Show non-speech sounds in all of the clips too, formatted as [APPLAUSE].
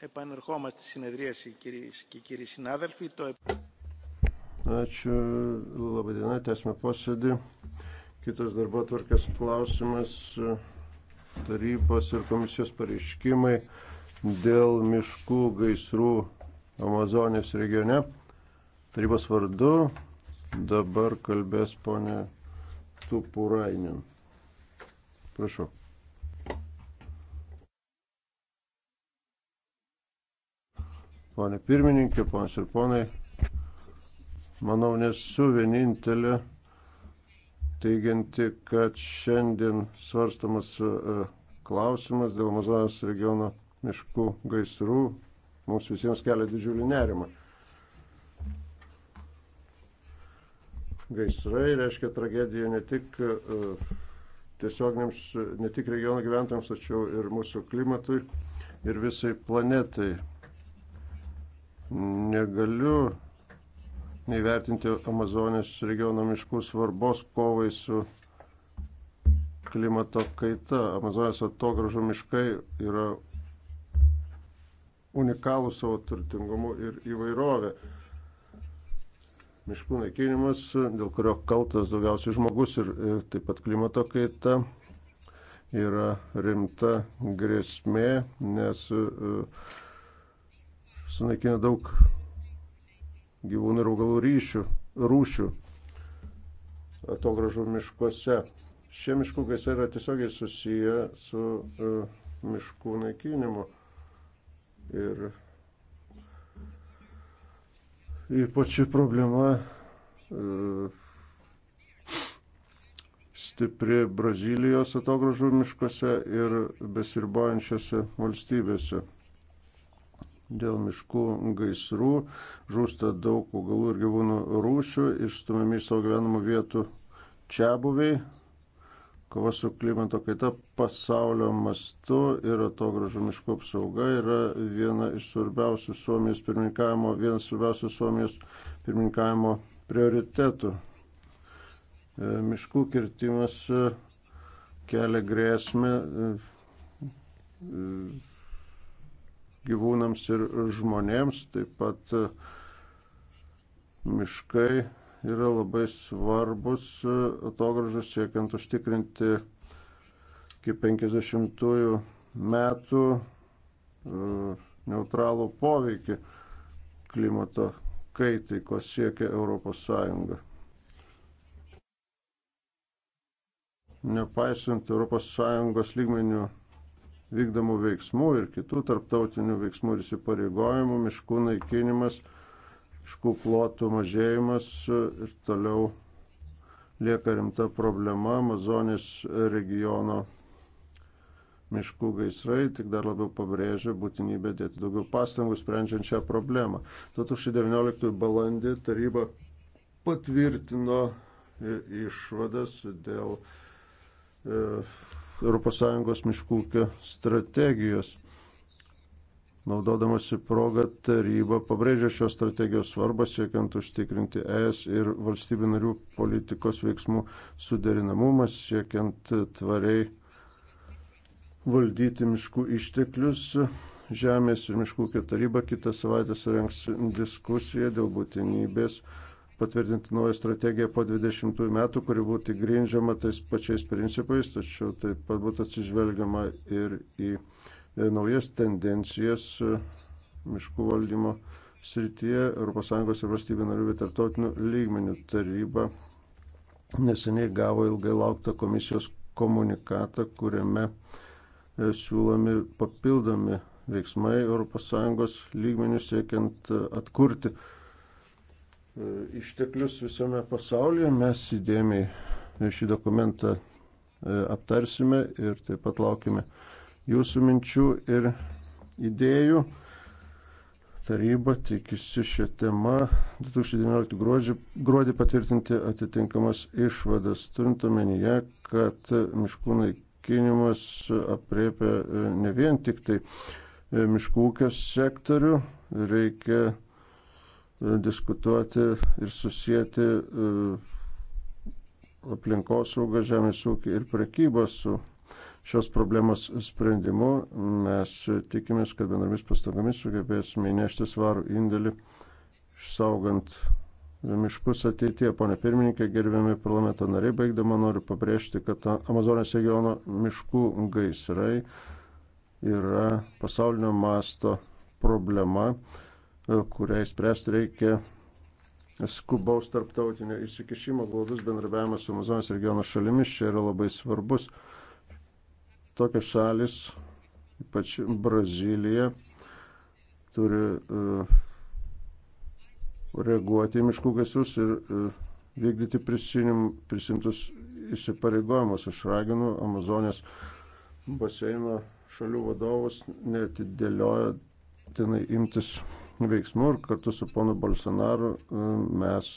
επανερχόμαστε στη συνεδρίαση κυρίες και κύριοι συνάδελφοι. Το... Ačiū, labai diena, tęsime posėdį. Kitas darbo tvarkės klausimas - tarybos ir komisijos pareiškimai dėl miškų gaisrų Amazonės regione. Tarybos vardu dabar kalbės ponė Tupurainin. Prašau. ponė pirmininkė, ponas ir ponai. Manau, nesu vienintelė teigianti, kad šiandien svarstamas e, klausimas dėl Amazonės regiono miškų gaisrų mums visiems kelia didžiulį nerimą. Gaisrai reiškia tragediją ne tik e, tiesioginiams, ne tik regiono gyventojams, tačiau ir mūsų klimatui ir visai planetai. Negaliu neįvertinti Amazonės regiono miškų svarbos kovai su klimato kaita. Amazonės atogražų miškai yra unikalų savo turtingumu ir įvairovė. Miškų naikinimas, dėl kurio kaltas daugiausiai žmogus ir, ir e, taip pat klimato kaita, yra rimta grėsmė, nes uh, sunaikina daug gyvūnų ir augalų ryšių, rūšių atogražų miškuose. Šie miškų gaisrai yra tiesiogiai susiję su uh, miškų naikinimu. Ir ypač problema uh, stipri Brazilijos atogražų miškuose ir besirbojančiose valstybėse dėl miškų gaisrų, žūsta daug augalų ir gyvūnų rūšių, išstumiami iš savo gyvenamų vietų čia buviai, kova su klimato kaita pasaulio mastu ir atogražų miškų apsauga yra viena iš svarbiausių Suomijos pirmininkavimo, vienas svarbiausių Suomijos pirmininkavimo prioritetų. E, miškų kirtimas e, kelia grėsmę e, gyvūnams ir žmonėms. Taip pat e, miškai yra labai svarbus e, atogražus siekiant užtikrinti iki 50-ųjų metų e, neutralų poveikį klimato kaitai, ko siekia Europos Sąjunga. Nepaisant Europos Sąjungos lygmenių vykdomų veiksmų ir kitų tarptautinių veiksmų ir įsipareigojimų, miškų naikinimas, miškų plotų mažėjimas ir toliau lieka rimta problema Amazonės regiono miškų gaisrai tik dar labiau pabrėžia būtinybę dėti daugiau pastangų sprendžiant šią problemą. 2019 balandį taryba patvirtino išvadas dėl e, ES miškų ūkio strategijos. Naudodamasi progą taryba pabrėžė šios strategijos svarbą siekiant užtikrinti ES ir valstybių narių politikos veiksmų suderinamumą, siekiant tvariai valdyti miškų išteklius. Žemės ir miškų ūkio taryba kitą savaitę surengs diskusiją dėl būtinybės patvirtinti naują strategiją po 20 metų, kuri būtų grindžiama tais pačiais principais, tačiau taip pat būtų atsižvelgiama ir į e, naujas tendencijas e, miškų valdymo srityje ES ir valstybių narių bei tarptautinių lygmenių taryba neseniai gavo ilgai lauktą komisijos komunikatą, kuriame e, siūlomi papildomi veiksmai ES lygmenių siekiant atkurti E, išteklius visame pasaulyje. Mes įdėmiai šį dokumentą e, aptarsime ir taip pat laukime jūsų minčių ir idėjų. Taryba tikisi šią temą 2019 gruodžio, gruodį patvirtinti atitinkamas išvadas, turint omenyje, kad miškų naikinimas apriepia e, ne vien tik tai miškų ūkio sektorių, reikia diskutuoti ir susijęti e, aplinkosaugą, žemės ūkį ir prekybą su šios problemos sprendimu. Mes tikimės, kad bendromis pastangomis sugebėsime įnešti svarų indėlį, išsaugant miškus ateityje. Pone pirmininkė, gerbiami parlamento nariai, baigdama noriu pabrėžti, kad Amazonės regiono miškų gaisrai yra pasaulinio masto problema kuriai spręsti reikia skubaus tarptautinio įsikišimo, glaudus bendrabiavimas su Amazonės regiono šalimis čia yra labai svarbus. Tokios šalis, ypač Brazilija, turi uh, reaguoti į miškų gaisrus ir uh, vykdyti prisimtus įsipareigojimus. Aš raginu Amazonės baseino šalių vadovus netidėliojotinai imtis veiksmų ir kartu su ponu Bolsonaru e, mes,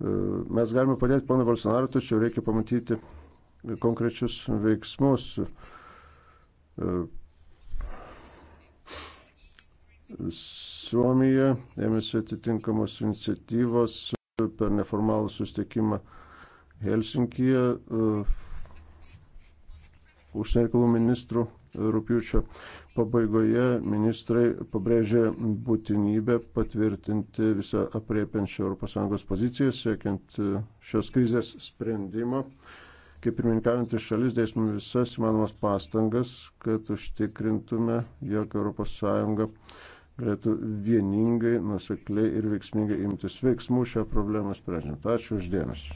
e, mes galime padėti ponu Bolsonaru, tačiau reikia pamatyti konkrečius veiksmus. E, Suomija ėmėsi atitinkamos iniciatyvos per neformalų sustikimą Helsinkyje užsienio reikalų ministrų rūpiučio pabaigoje ministrai pabrėžė būtinybę patvirtinti visą apriepiančią ES poziciją, siekiant e, šios krizės sprendimo. Kaip pirmininkaujantis šalis, dėsime visas įmanomas pastangas, kad užtikrintume, jog ES galėtų vieningai, nusekliai ir veiksmingai imtis veiksmų šią problemą sprendžiant. Ačiū uždėmesi.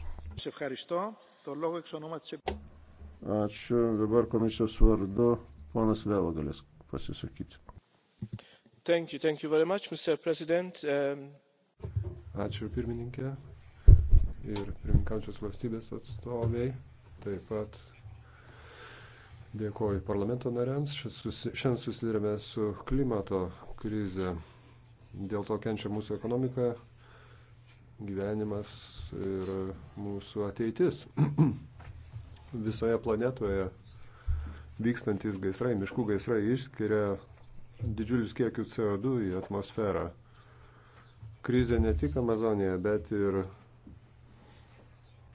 Ačiū. Dabar komisijos vardu Ponas Vėl galės pasisakyti. Thank you, thank you very much, Mr. President. Um... Ačiū pirmininkė ir pirmininkančios valstybės atstoviai. Taip pat dėkoju parlamento nariams. Šiandien susidurėme su klimato krize. Dėl to kenčia mūsų ekonomika, gyvenimas ir mūsų ateitis. [CLEARS THROAT] Visoje planetoje vykstantis gaisrai, miškų gaisrai išskiria didžiulius kiekius CO2 į atmosferą. Krizė ne tik Amazonėje, bet ir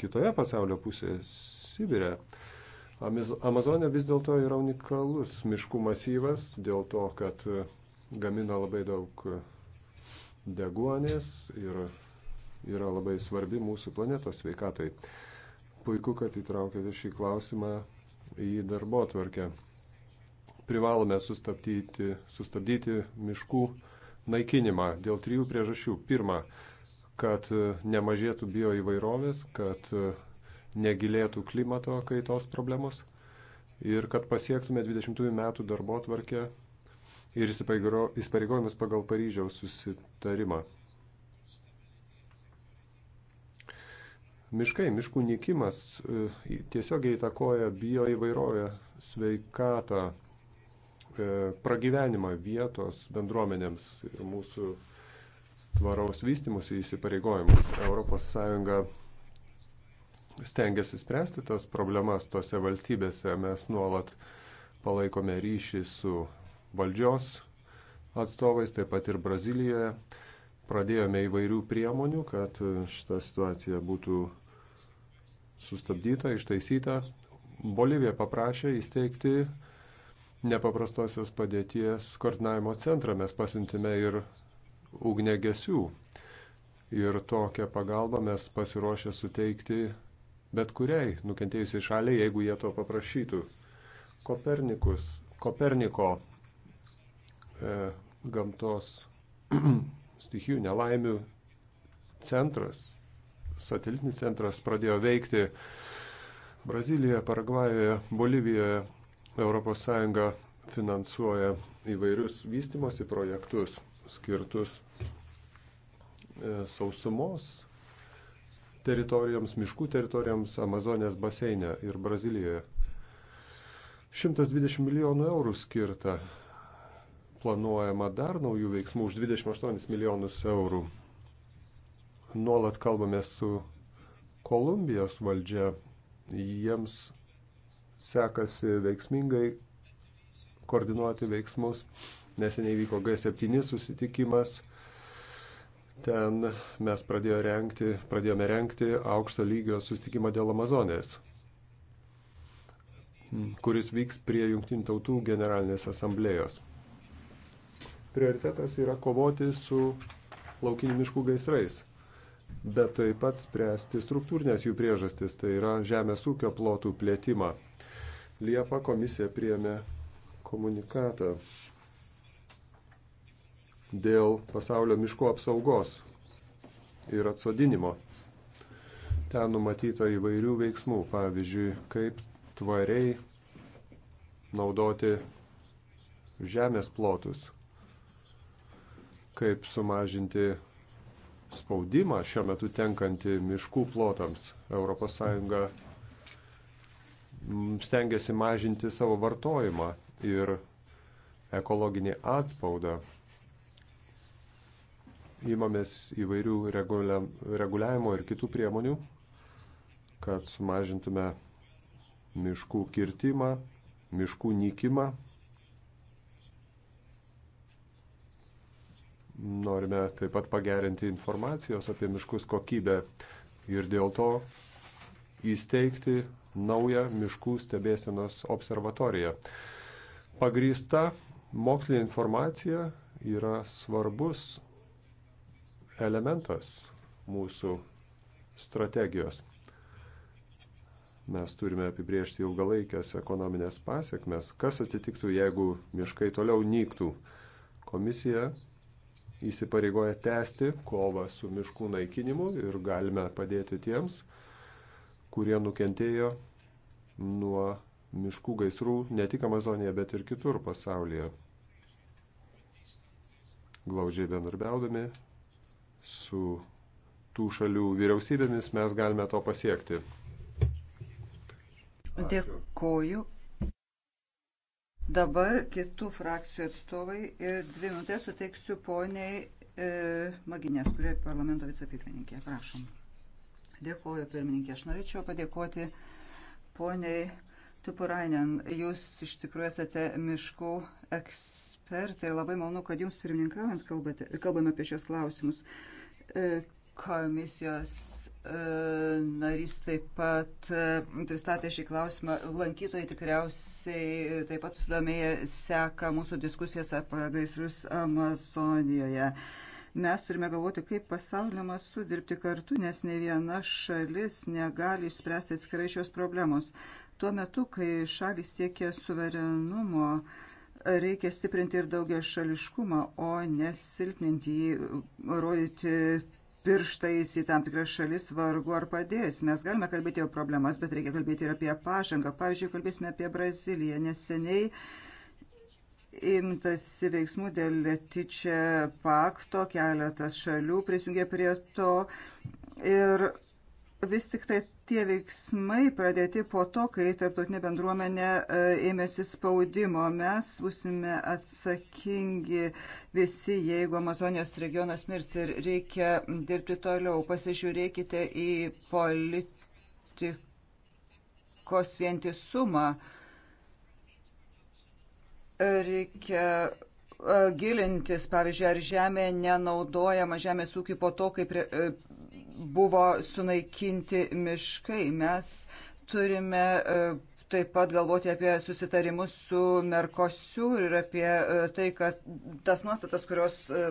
kitoje pasaulio pusėje, Sibirė. Amazonė vis dėlto yra unikalus miškų masyvas dėl to, kad gamina labai daug deguonės ir yra labai svarbi mūsų planetos sveikatai. Puiku, kad įtraukėte šį klausimą į darbo atvarkę. Privalome sustabdyti, sustabdyti miškų naikinimą dėl trijų priežasčių. Pirma, kad nemažėtų bio įvairovės, kad negilėtų klimato kaitos problemos ir kad pasiektume 20 metų darbo tvarkę ir įsipareigojimus pagal Paryžiaus susitarimą. Miškai, miškų nykimas e, tiesiogiai įtakoja bioįvairovę, sveikatą, e, pragyvenimą vietos bendruomenėms ir mūsų tvaraus vystimus įsipareigojimus. ES stengiasi spręsti tas problemas tose valstybėse. Mes nuolat palaikome ryšį su valdžios atstovais, taip pat ir Brazilijoje pradėjome įvairių priemonių, kad e, šita situacija būtų sustabdyta, ištaisyta. Bolivija paprašė įsteigti nepaprastosios padėties koordinavimo centrą. Mes pasiuntime ir ugnegesių. Ir tokią pagalbą mes pasiruošę suteikti bet kuriai nukentėjusiai šaliai, jeigu jie to paprašytų. Kopernikus, Koperniko e, gamtos stichijų nelaimių centras, satelitinis centras pradėjo veikti Brazilijoje, Paragvajoje, Bolivijoje. ES finansuoja įvairius vystimosi projektus skirtus e, sausumos teritorijoms, miškų teritorijoms Amazonės baseinė ir Brazilijoje. 120 milijonų eurų skirta planuojama dar naujų veiksmų už 28 milijonus eurų. Nuolat kalbame su Kolumbijos valdžia. Jiems sekasi veiksmingai koordinuoti veiksmus. Neseniai vyko G7 susitikimas. Ten mes pradėjo rengti, pradėjome renkti aukšto lygio susitikimą dėl Amazonės, kuris vyks prie Junktinių tautų generalinės asamblėjos prioritetas yra kovoti su laukinių miškų gaisrais, bet taip pat spręsti struktūrinės jų priežastis, tai yra žemės ūkio plotų plėtimą. Liepa komisija priėmė komunikatą dėl pasaulio miško apsaugos ir atsodinimo. Ten numatyta įvairių veiksmų, pavyzdžiui, kaip tvariai naudoti žemės plotus kaip sumažinti spaudimą šiuo metu tenkantį miškų plotams. ES mm, stengiasi mažinti savo vartojimą ir ekologinį atspaudą. Įmamės įvairių reguliavimo ir kitų priemonių, kad sumažintume miškų kirtimą, miškų nykimą Norime taip pat pagerinti informacijos apie miškus kokybę ir dėl to įsteigti naują miškų stebėsenos observatoriją. Pagrįsta mokslinė informacija yra svarbus elementas mūsų strategijos. Mes turime apibriežti ilgalaikės ekonominės pasiekmes, kas atsitiktų, jeigu miškai toliau nyktų. Komisija įsipareigoja tęsti kovą su miškų naikinimu ir galime padėti tiems, kurie nukentėjo nuo miškų gaisrų ne tik Amazonėje, bet ir kitur pasaulyje. Glaudžiai bendarbiaudami su tų šalių vyriausybėmis mes galime to pasiekti. Ačiū. Dėkoju. Dabar kitų frakcijų atstovai ir dvi minutės suteiksiu poniai e, Maginės, kurie parlamento vicepirmininkė. Prašom. Dėkuoju, pirmininkė. Aš norėčiau padėkoti poniai Tupurainen. Jūs iš tikrųjų esate miškų ekspertai ir labai malonu, kad jums pirmininkaujant kalbame apie šios klausimus. E, Komisijos e, narys taip pat e, pristatė šį klausimą. Lankytojai tikriausiai taip pat susidomėję seka mūsų diskusijas apie gaisrus Amazonijoje. Mes turime galvoti, kaip pasaulio mastu dirbti kartu, nes ne viena šalis negali išspręsti atskirai šios problemos. Tuo metu, kai šalis siekia suverenumo, reikia stiprinti ir daugia šališkumą, o nesilpninti jį, rodyti pirštais į tam tikras šalis vargu ar padės. Mes galime kalbėti apie problemas, bet reikia kalbėti ir apie pažangą. Pavyzdžiui, kalbėsime apie Braziliją. Neseniai imtasi veiksmų dėl Letičia pakto, keletas šalių prisijungė prie to ir vis tik tai tie veiksmai pradėti po to, kai tarptautinė bendruomenė e, ėmėsi spaudimo. Mes būsime atsakingi visi, jeigu Amazonijos regionas mirs ir reikia dirbti toliau. Pasižiūrėkite į politikos vientisumą. Reikia e, gilintis, pavyzdžiui, ar žemė nenaudojama žemės ūkiu po to, kai prie, e, buvo sunaikinti miškai. Mes turime e, taip pat galvoti apie susitarimus su Merkosiu ir apie e, tai, kad tas nuostatas, kurios e,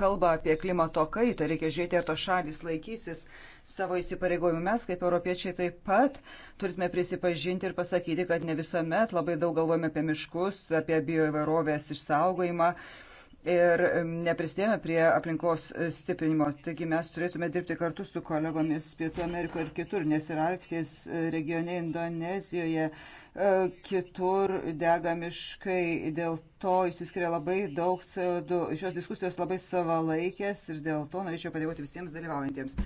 kalba apie klimato kaitą, reikia žiūrėti, ar to šalis laikysis savo įsipareigojimų. Mes, kaip europiečiai, taip pat turime prisipažinti ir pasakyti, kad ne visuomet labai daug galvojame apie miškus, apie bioįvairovės išsaugojimą. Uh, ir neprisidėjome prie aplinkos stiprinimo. Taigi mes turėtume dirbti kartu su kolegomis Pietų Amerikoje ir kitur, nes ir Arktis e, regione Indonezijoje e, kitur dega miškai, dėl to išsiskiria labai daug CO2. Šios diskusijos labai savalaikės ir dėl to norėčiau padėkoti visiems dalyvaujantiems.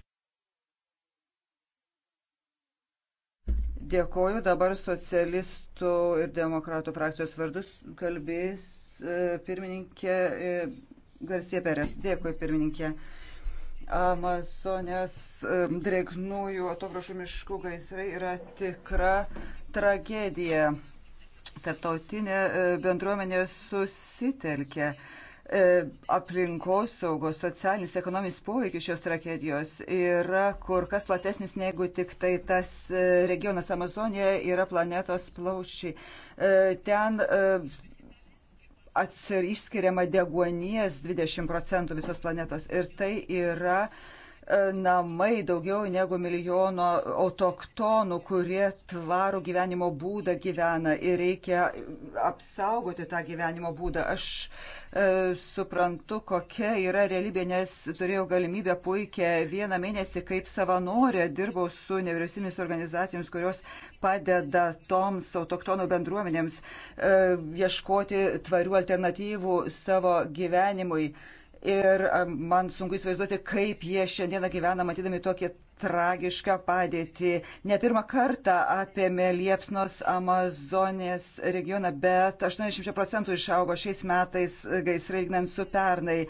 Dėkoju, dabar socialistų ir demokratų frakcijos vardus kalbės E, pirmininkė e, Garsie Perės. Dėkui, pirmininkė. Amazonės e, drėgnųjų atograšų miškų gaisrai yra tikra tragedija. Tartautinė bendruomenė susitelkė aplinkos saugos, socialinis, ekonominis poveikis šios tragedijos yra kur kas platesnis negu tik tai tas regionas Amazonija yra planetos plaučiai. Ten atsir išskiriama deguonies 20 procentų visos planetos ir tai yra uh, namai daugiau negu milijono autoktonų, kurie tvarų gyvenimo būdą gyvena ir reikia apsaugoti tą gyvenimo būdą. Aš e, suprantu, kokia yra realybė, nes turėjau galimybę puikia vieną mėnesį kaip savanorė dirbau su nevyriausybinis organizacijomis, kurios padeda toms autoktonų bendruomenėms e, ieškoti tvarių alternatyvų savo gyvenimui. E, Ir man sunku įsivaizduoti, kaip jie šiandieną gyvena, matydami tokią tragišką padėtį. Ne pirmą kartą apėmė Liepsnos Amazonės regioną, bet 80 procentų išaugo šiais metais gaisrai lygnant su pernai.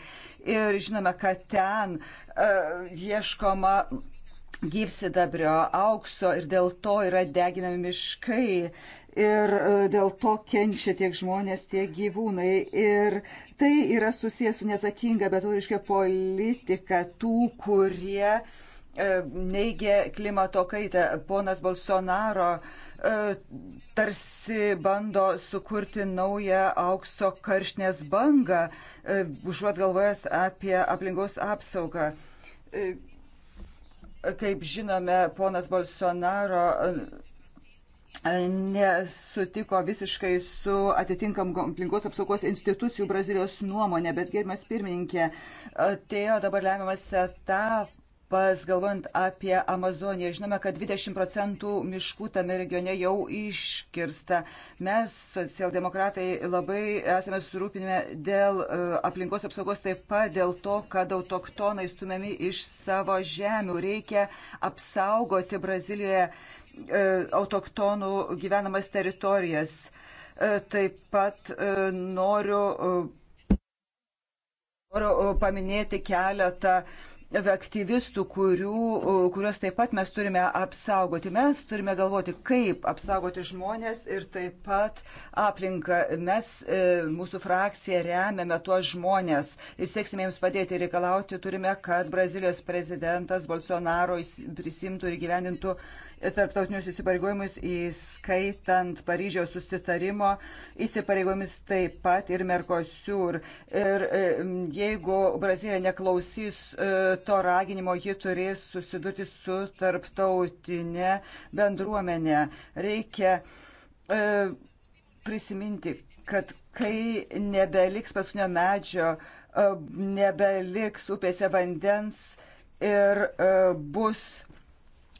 Ir žinome, kad ten uh, ieškoma gyvsidabrio, aukso ir dėl to yra deginami miškai ir e, dėl to kenčia tiek žmonės, tiek gyvūnai. Ir tai yra susijęs su neatsakinga, bet oriškia politika tų, kurie e, neigia klimato kaitą. Ponas Bolsonaro e, tarsi bando sukurti naują aukso karšnės bangą, užuot galvojęs apie aplinkos apsaugą kaip žinome, ponas Bolsonaro nesutiko visiškai su atitinkam aplinkos apsaugos institucijų Brazilijos nuomonė, bet gerbimas pirmininkė, atėjo dabar lemiamas etapas, galvojant apie Amazoniją. Žinome, kad 20 procentų miškų tame regione jau iškirsta. Mes, socialdemokratai, labai esame surūpinę dėl e, aplinkos apsaugos, taip pat dėl to, kad autoktonai stumiami iš savo žemių. Reikia apsaugoti Brazilijoje E, autoktonų gyvenamas teritorijas. E, taip pat e, noriu, noriu paminėti keletą aktyvistų, kurių, kuriuos taip pat mes turime apsaugoti. Mes turime galvoti, kaip apsaugoti žmonės ir taip pat aplinką. Mes, mūsų frakcija, remiame tuos žmonės ir sėksime jiems padėti ir reikalauti turime, kad Brazilijos prezidentas Bolsonaro prisimtų ir gyvenintų uh, tarptautinius įsipareigojimus, įskaitant Paryžiaus susitarimo įsipareigojimus taip pat ir Merkosiur. Ir e, jeigu Brazilija neklausys e, to raginimo, ji turės susidurti su tarptautinė bendruomenė. Reikia e, prisiminti, kad kai nebeliks paskutinio medžio, nebeliks upėse vandens ir bus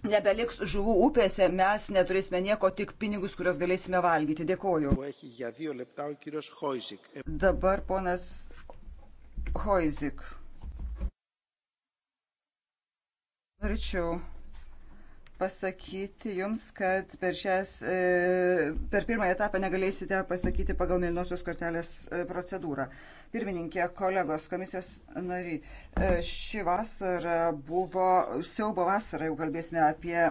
nebeliks žuvų upėse, mes neturėsime nieko, tik pinigus, kuriuos galėsime valgyti. Dėkoju. Dabar ponas Hoizik. Norėčiau pasakyti jums, kad per, šias, e, per pirmąją etapą negalėsite pasakyti pagal mėlynosios kortelės e, procedūrą. Pirmininkė, kolegos, komisijos nariai, e, ši vasara buvo siaubo vasara, jau kalbėsime apie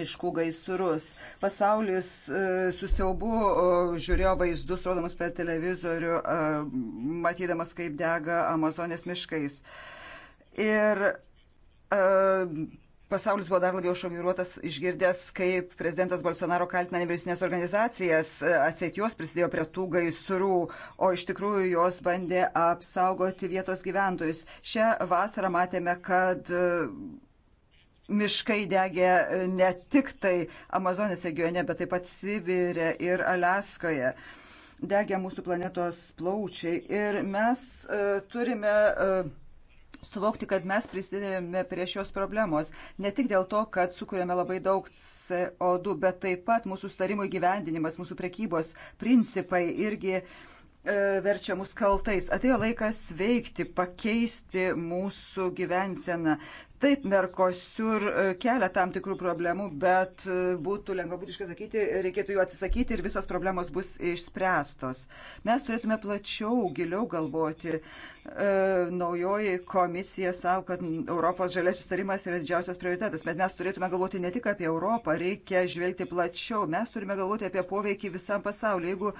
miškų gaisrus. Pasaulis e, su siaubu žiūrėjo vaizdus, rodomus per televizorių, e, matydamas, kaip dega Amazonės miškais. Ir pasaulis buvo dar labiau šokiruotas išgirdęs, kaip prezidentas Bolsonaro kaltina nevyriausinės organizacijas, atseit jos prisidėjo prie tų gaisrų, o iš tikrųjų jos bandė apsaugoti vietos gyventojus. Šią vasarą matėme, kad e, miškai degė ne tik tai Amazonės regione, bet taip pat Sibirė ir Aleskoje degia mūsų planetos plaučiai ir mes uh, turime uh, suvokti, kad mes prisidėjome prie šios problemos. Ne tik dėl to, kad sukūrėme labai daug CO2, bet taip pat mūsų starimų įgyvendinimas, mūsų prekybos principai irgi e, verčia mus kaltais. Atėjo laikas veikti, pakeisti mūsų gyvenseną. Taip, Merkosiur e, kelia tam tikrų problemų, bet e, būtų lengvabūtiškai sakyti, reikėtų jų atsisakyti ir visos problemos bus išspręstos. Mes turėtume plačiau, giliau galvoti E, naujoji komisija savo, kad Europos žalės sustarimas yra didžiausias prioritetas, bet mes turėtume galvoti ne tik apie Europą, reikia žvelgti plačiau, mes turime galvoti apie poveikį visam pasauliu. Jeigu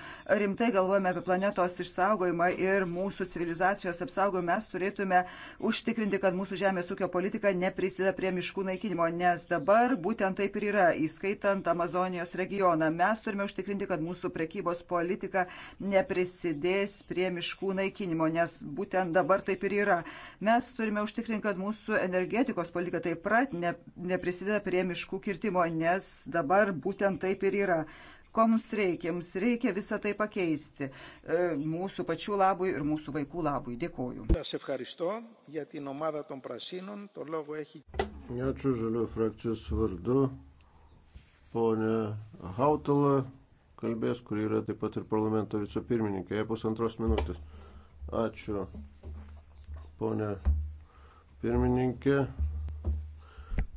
rimtai galvojame apie planetos išsaugojimą ir mūsų civilizacijos apsaugojimą, mes turėtume užtikrinti, kad mūsų žemės ūkio politika neprisideda prie miškų naikinimo, nes dabar būtent taip ir yra, įskaitant Amazonijos regioną. Mes turime užtikrinti, kad mūsų prekybos politika neprisidės prie miškų naikinimo, nes būtent ten dabar taip ir yra. Mes turime užtikrinti, kad mūsų energetikos politika taip pat ne, neprisideda prie miškų kirtimo, nes dabar būtent taip ir yra. Ko mums reikia? Mums reikia visą tai pakeisti. E, mūsų pačių labui ir mūsų vaikų labui. Dėkuoju. Ačiū žalių frakcijos vardu. Pone Hautala kalbės, kuri yra taip pat ir parlamento vicepirmininkė. Jai pusantros minutės. Ačiū, ponė pirmininkė.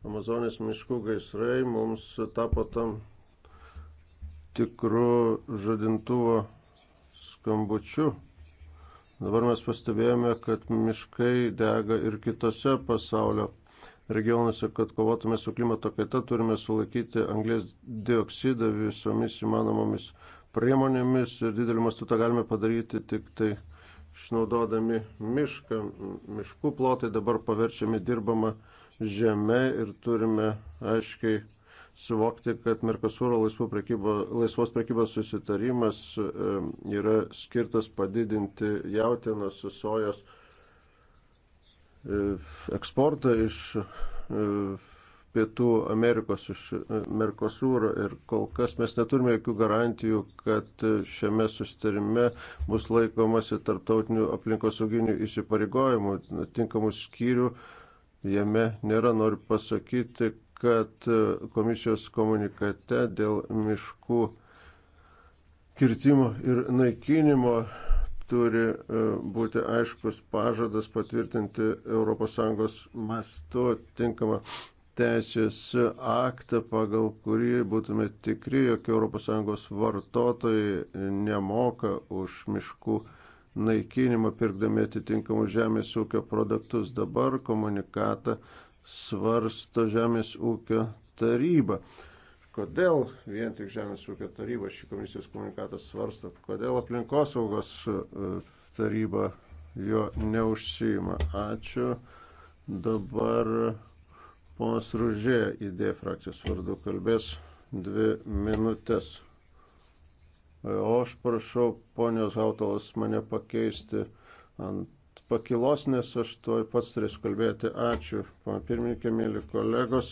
Amazonės miškų gaisrai mums tapo tam tikru žadintuvo skambučiu. Dabar mes pastebėjome, kad miškai dega ir kitose pasaulio regionuose, kad kovotume su klimato kaita, turime sulaikyti anglės dioksidą visomis įmanomomis priemonėmis ir didelį mastu tą galime padaryti tik tai išnaudodami mišką. Miškų plotai dabar paverčiami dirbama žemė ir turime aiškiai suvokti, kad Merkosūro prekybo, laisvos prekybos susitarimas e, yra skirtas padidinti jautienos, sojos e, eksportą iš e, Pietų Amerikos, iš e, Merkosūro ir kol kas mes neturime jokių garantijų, kad e, šiame sustarime bus laikomasi tarptautinių aplinkosauginių įsipareigojimų, tinkamų skyrių jame nėra. Noriu pasakyti, kad e, komisijos komunikate dėl miškų kirtimo ir naikinimo turi būti aiškus pažadas patvirtinti ES mastu tinkamą teisės aktą, pagal kurį būtume tikri, jog ES vartotojai nemoka už miškų naikinimą, pirkdami atitinkamus žemės ūkio produktus. Dabar komunikatą svarsto žemės ūkio taryba. Kodėl vien tik Žemės ūkio taryba šį komisijos komunikatą svarsto? Kodėl aplinkosaugos e, taryba jo neužsima? Ačiū. Dabar Ponas Ružė idėja frakcijos vardu kalbės dvi minutės. O aš prašau ponios autolas mane pakeisti ant pakilos, nes aš tuoj pats turėsiu kalbėti. Ačiū, pana pirmininkė, mėly kolegos.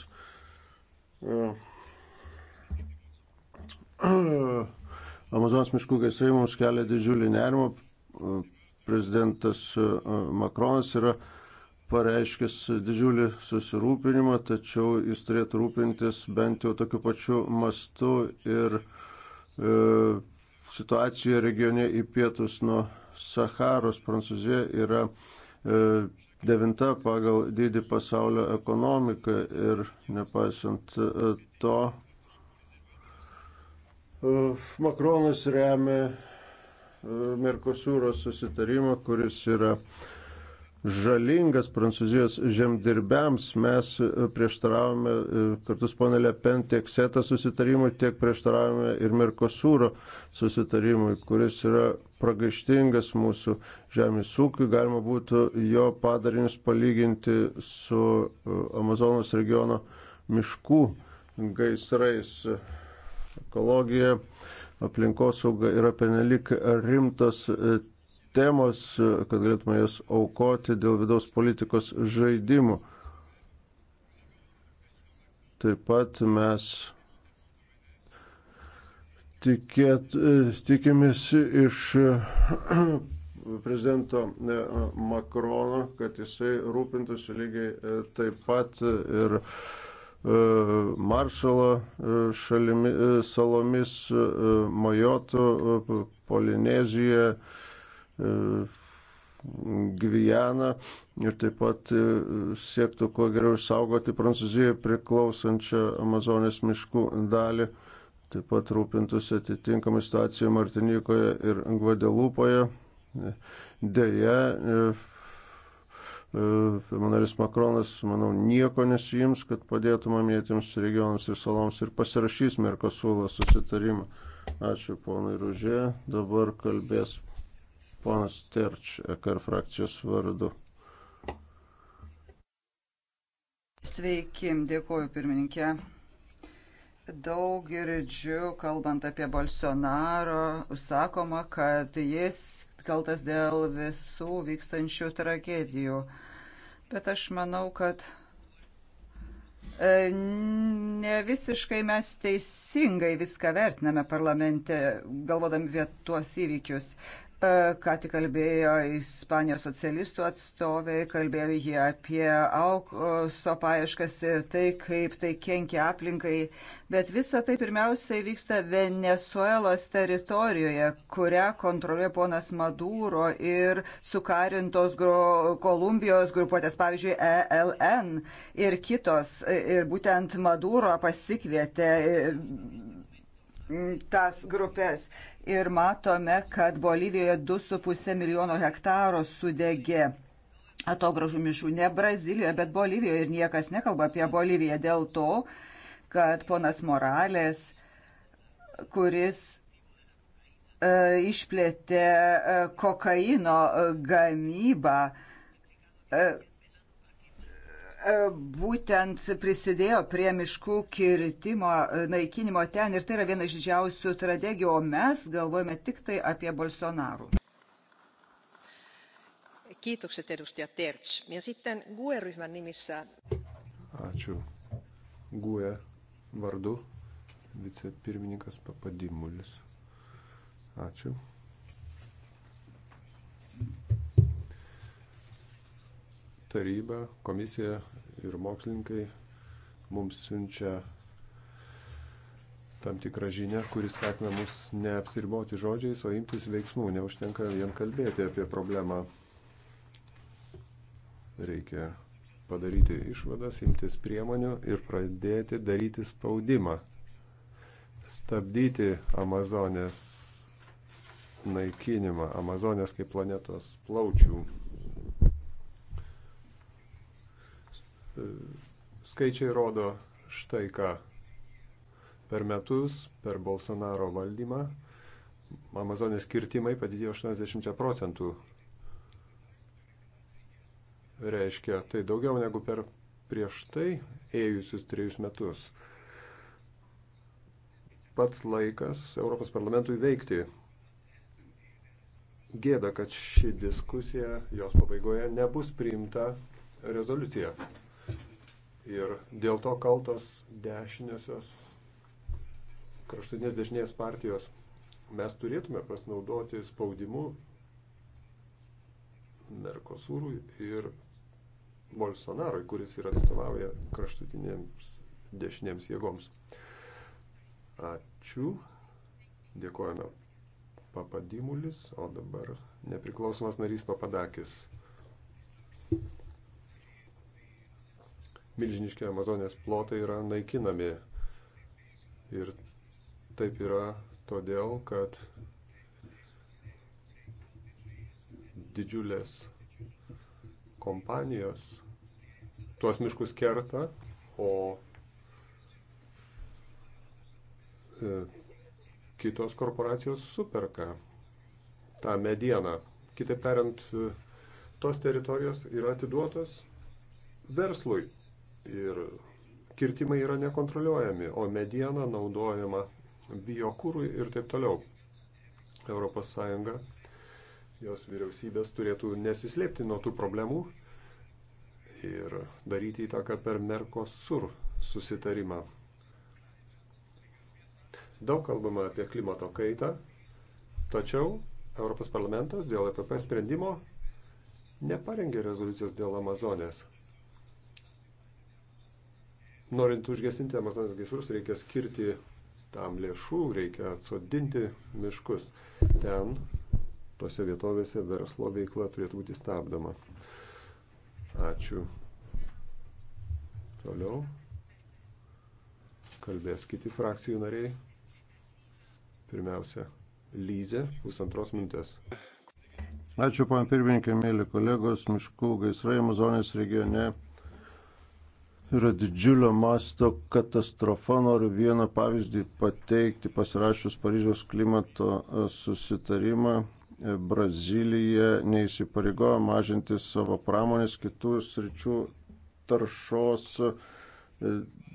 Amazonas miškų gaisrai mums kelia didžiulį nerimą. Prezidentas Makronas yra pareiškęs didžiulį susirūpinimą, tačiau jis turėtų rūpintis bent jau tokiu pačiu mastu ir e, situacija regione į pietus nuo Saharos. Prancūzija yra e, devinta pagal dydį pasaulio ekonomiką ir nepaisant e, to, e, Makronas remia e, Merkosūros susitarimą, kuris yra e, žalingas prancūzijos žemdirbiams. Mes e, prieštaravome e, kartu su ponelė Pen tiek setą susitarimui, tiek prieštaravome ir Merkosūro susitarimui, kuris yra pragaištingas mūsų žemės ūkiui. Galima būtų jo padarinius palyginti su e, Amazonos regiono miškų gaisrais. Ekologija aplinkosauga yra penelik rimtos temos, kad galėtume jas aukoti dėl vidaus politikos žaidimų. Taip pat mes tikėt, tikimės iš prezidento Makrono, kad jisai rūpintųsi lygiai taip pat ir e, Maršalo e, šalimi, e, salomis, Majotų, Polinezijoje E, Gvijana ir taip pat e, siektų kuo geriau išsaugoti Prancūzijoje priklausančią Amazonės miškų dalį, taip pat rūpintųsi atitinkamą situaciją Martinikoje ir Gvadelupoje. Deja, e, Emanuelis Makronas, manau, nieko nesijims, kad padėtų mamėtėms regionams ir saloms ir pasirašys Merkosulo susitarimą. Ačiū ponui Ružė, dabar kalbės Ponas Terč, EKR frakcijos vardu. Sveiki, dėkoju pirmininkė. Daug girdžiu, kalbant apie Bolsonaro, sakoma, kad jis kaltas dėl visų vykstančių tragedijų. Bet aš manau, kad e, ne visiškai mes teisingai viską vertiname parlamente, galvodami apie tuos įvykius. E, ką tik kalbėjo Ispanijos socialistų atstovai, kalbėjo jie apie aukso paieškas ir tai, kaip tai kenkia aplinkai. Bet visa tai pirmiausiai vyksta Venezuelos teritorijoje, kurią kontroliuoja ponas Maduro ir sukarintos gro, Kolumbijos grupuotės, pavyzdžiui, ELN ir kitos. Ir būtent Maduro pasikvietė tas grupės. Ir matome, kad Bolivijoje 2,5 milijono hektaro sudegė atogražų mišų. Ne Brazilijoje, bet Bolivijoje. Ir niekas nekalba apie Boliviją dėl to, kad ponas Moralės, kuris e, išplėtė e, kokaino e, gamybą, e, E, būtent prisidėjo prie miškų kirtimo, e, naikinimo ten ir tai yra viena iš didžiausių tragedijų, o mes galvojame tik tai apie Bolsonarų. Kiitokset edustaja Terts. Ja sitten GUE-ryhmän nimissä. Ačiū. GUE vardu vicepirmininkas Papadimulis. Ačiū. taryba, komisija ir mokslininkai mums siunčia tam tikrą žinią, kuris skatina mus neapsiriboti žodžiais, o imtis veiksmų. Neužtenka vien kalbėti apie problemą. Reikia padaryti išvadas, imtis priemonių ir pradėti daryti spaudimą. Stabdyti Amazonės naikinimą, Amazonės kaip planetos plaučių Skaičiai rodo štai ką. Per metus, per Bolsonaro valdymą, Amazonės kirtimai padidėjo 80 procentų. Reiškia, tai daugiau negu per prieš tai ėjusius trejus metus. Pats laikas Europos parlamentui veikti. Gėda, kad ši diskusija jos pabaigoje nebus priimta rezoliucija. Ir dėl to kaltos dešiniosios, kraštutinės dešinės partijos. Mes turėtume pasinaudoti spaudimu Merkosūrui ir Bolsonarui, kuris ir atstovauja kraštutinėms dešinėms jėgoms. Ačiū. Dėkojame papadimulis, o dabar nepriklausomas narys papadakis. milžiniški Amazonės plotai yra naikinami. Ir taip yra todėl, kad didžiulės kompanijos tuos miškus kerta, o e, kitos korporacijos superka tą medieną. Kitaip tariant, e, tos teritorijos yra atiduotos verslui ir kirtimai yra nekontroliuojami, o mediena naudojama biokūrui ir taip toliau. ES, jos vyriausybės turėtų nesislėpti nuo tų problemų ir daryti įtaką per Mercosur susitarimą. Daug kalbama apie klimato kaitą, tačiau Europos parlamentas dėl EPP sprendimo neparengė rezoliucijos dėl Amazonės norint užgesinti Amazonės gaisrus, reikia skirti tam lėšų, reikia atsodinti miškus. Ten, tose vietovėse, verslo veikla turėtų būti stabdoma. Ačiū. Toliau. Kalbės kiti frakcijų nariai. Pirmiausia, Lyze, pusantros minutės. Ačiū, pan pirmininkė, mėly kolegos, miškų gaisrai Amazonės regione yra didžiulio masto katastrofa. Noriu vieną pavyzdį pateikti pasirašius Paryžiaus klimato e, susitarimą. E, Brazilija neįsipareigojo mažinti savo pramonės kitų sričių taršos E,